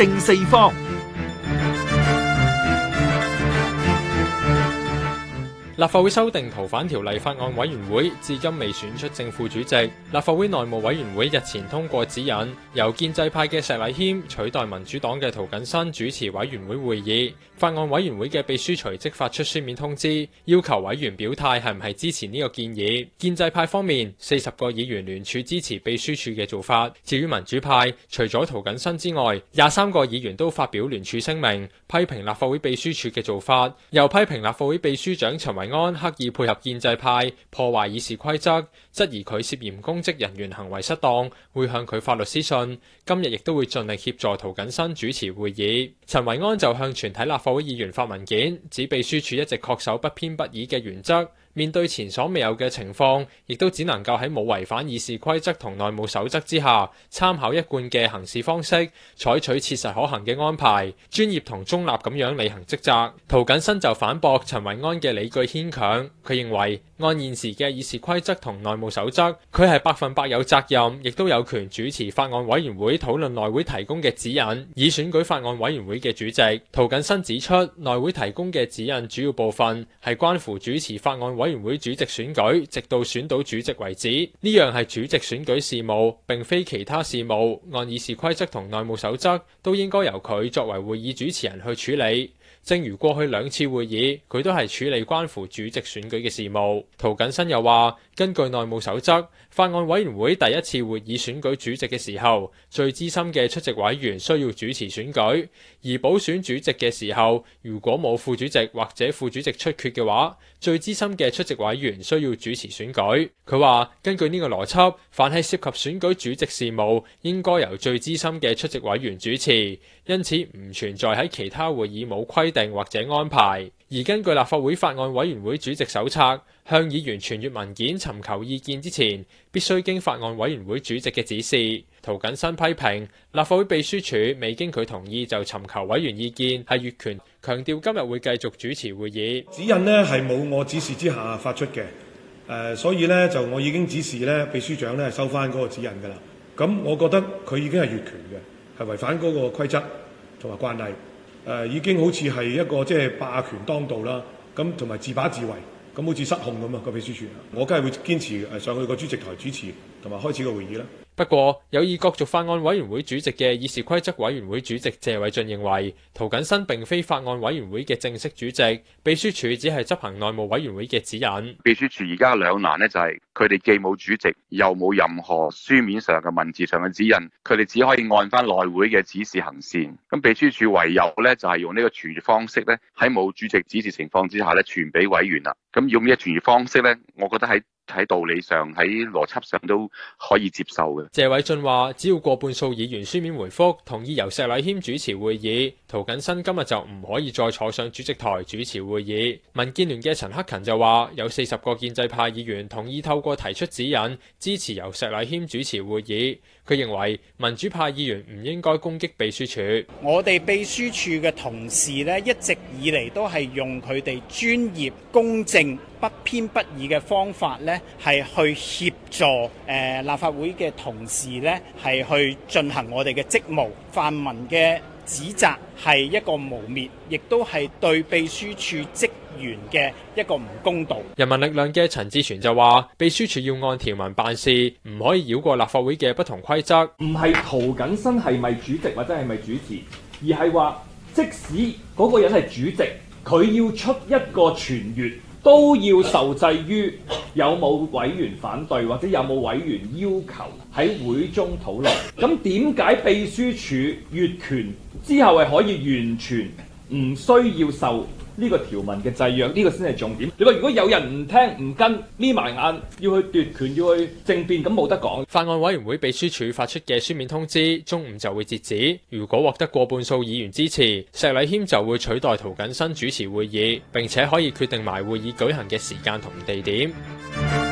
正四方。立法會修訂逃犯條例法案委員會至今未選出正副主席。立法會內務委員會日前通過指引，由建制派嘅石禮謙取代民主黨嘅涂謹申主持委員會會議。法案委員會嘅秘書隨即發出書面通知，要求委員表態係唔係支持呢個建議。建制派方面，四十個議員聯署支持秘書處嘅做法。至於民主派，除咗涂謹申之外，廿三個議員都發表聯署聲明，批評立法會秘書處嘅做法，又批評立法會秘書長陳維安。安刻意配合建制派破壞議事規則，質疑佢涉嫌公職人員行為失當，會向佢發律師信。今日亦都會盡力協助涂謹申主持會議。陳維安就向全體立法會議員發文件，指秘書處一直恪守不偏不倚嘅原則。面對前所未有的情況，亦都只能夠喺冇違反議事規則同內務守則之下，參考一貫嘅行事方式，採取切實可行嘅安排，專業同中立咁樣履行職責。涂謹申就反駁陳維安嘅理據牽強，佢認為按現時嘅議事規則同內務守則，佢係百分百有責任，亦都有權主持法案委員會討論內會提供嘅指引，以選舉法案委員會嘅主席。涂謹申指出，內會提供嘅指引主要部分係關乎主持法案委。委員會主席選舉，直到選到主席為止，呢樣係主席選舉事務，並非其他事務。按議事規則同內務守則，都應該由佢作為會議主持人去處理。正如過去兩次會議，佢都係處理關乎主席選舉嘅事務。涂謹申又話：根據內務守則，法案委員會第一次會議選舉主席嘅時候，最資深嘅出席委員需要主持選舉；而補選主席嘅時候，如果冇副主席或者副主席出缺嘅話，最資深嘅出席委員需要主持選舉。佢話：根據呢個邏輯，凡係涉及選舉主席事務，應該由最資深嘅出席委員主持。因此唔存在喺其他會議冇規定或者安排，而根據立法會法案委員會主席手冊，向議員傳閱文件尋求意見之前，必須經法案委員會主席嘅指示。涂謹申批評立法會秘書處未經佢同意就尋求委員意見係越權，強調今日會繼續主持會議。指引呢係冇我指示之下發出嘅，誒，所以呢，就我已經指示呢秘書長呢收翻嗰個指引㗎啦。咁我覺得佢已經係越權嘅，係違反嗰個規則同埋慣例。誒，已經好似係一個即係霸權當道啦，咁同埋自把自為，咁好似失控咁啊！個秘書處，我梗係會堅持誒，上去個主席台主持同埋開始個會議啦。不過，有意角逐法案委員會主席嘅議事規則委員會主席謝偉俊認為，涂謹申並非法案委員會嘅正式主席，秘書處只係執行內務委員會嘅指引。秘書處而家兩難呢，就係佢哋既冇主席，又冇任何書面上嘅文字上嘅指引，佢哋只可以按翻內會嘅指示行先。咁秘書處唯有呢，就係用呢個傳閱方式呢，喺冇主席指示情況之下呢，傳俾委員啦。咁用咩傳閱方式呢，我覺得喺喺道理上，喺邏輯上都可以接受嘅。謝偉俊話，只要過半數議員書面回覆同意由石禮謙主持會議，涂謹申今日就唔可以再坐上主席台主持會議，民建聯嘅陳克勤就話，有四十個建制派議員同意透過提出指引支持由石禮謙主持會議，佢認為民主派議員唔應該攻擊秘書處，我哋秘書處嘅同事咧，一直以嚟都係用佢哋專業公正。不偏不倚嘅方法呢，係去協助、呃、立法會嘅同事呢，係去進行我哋嘅職務。泛民嘅指責，係一個誣衊，亦都係對秘書處職員嘅一個唔公道。人民力量嘅陳志全就話：秘書處要按條文辦事，唔可以繞過立法會嘅不同規則，唔係涂謹申係咪主席或者係咪主持，而係話即使嗰個人係主席，佢要出一個傳言，都要受制於有冇委員反對，或者有冇委員要求喺會中討論。咁點解秘書處越權之後係可以完全唔需要受？呢、這個條文嘅制約，呢、這個先係重點。你話如果有人唔聽唔跟，眯埋眼要去奪權，要去政變，咁冇得講。法案委員會秘書處發出嘅書面通知，中午就會截止。如果獲得過半數議員支持，石禮謙就會取代涂謹申主持會議，並且可以決定埋會議舉行嘅時間同地點。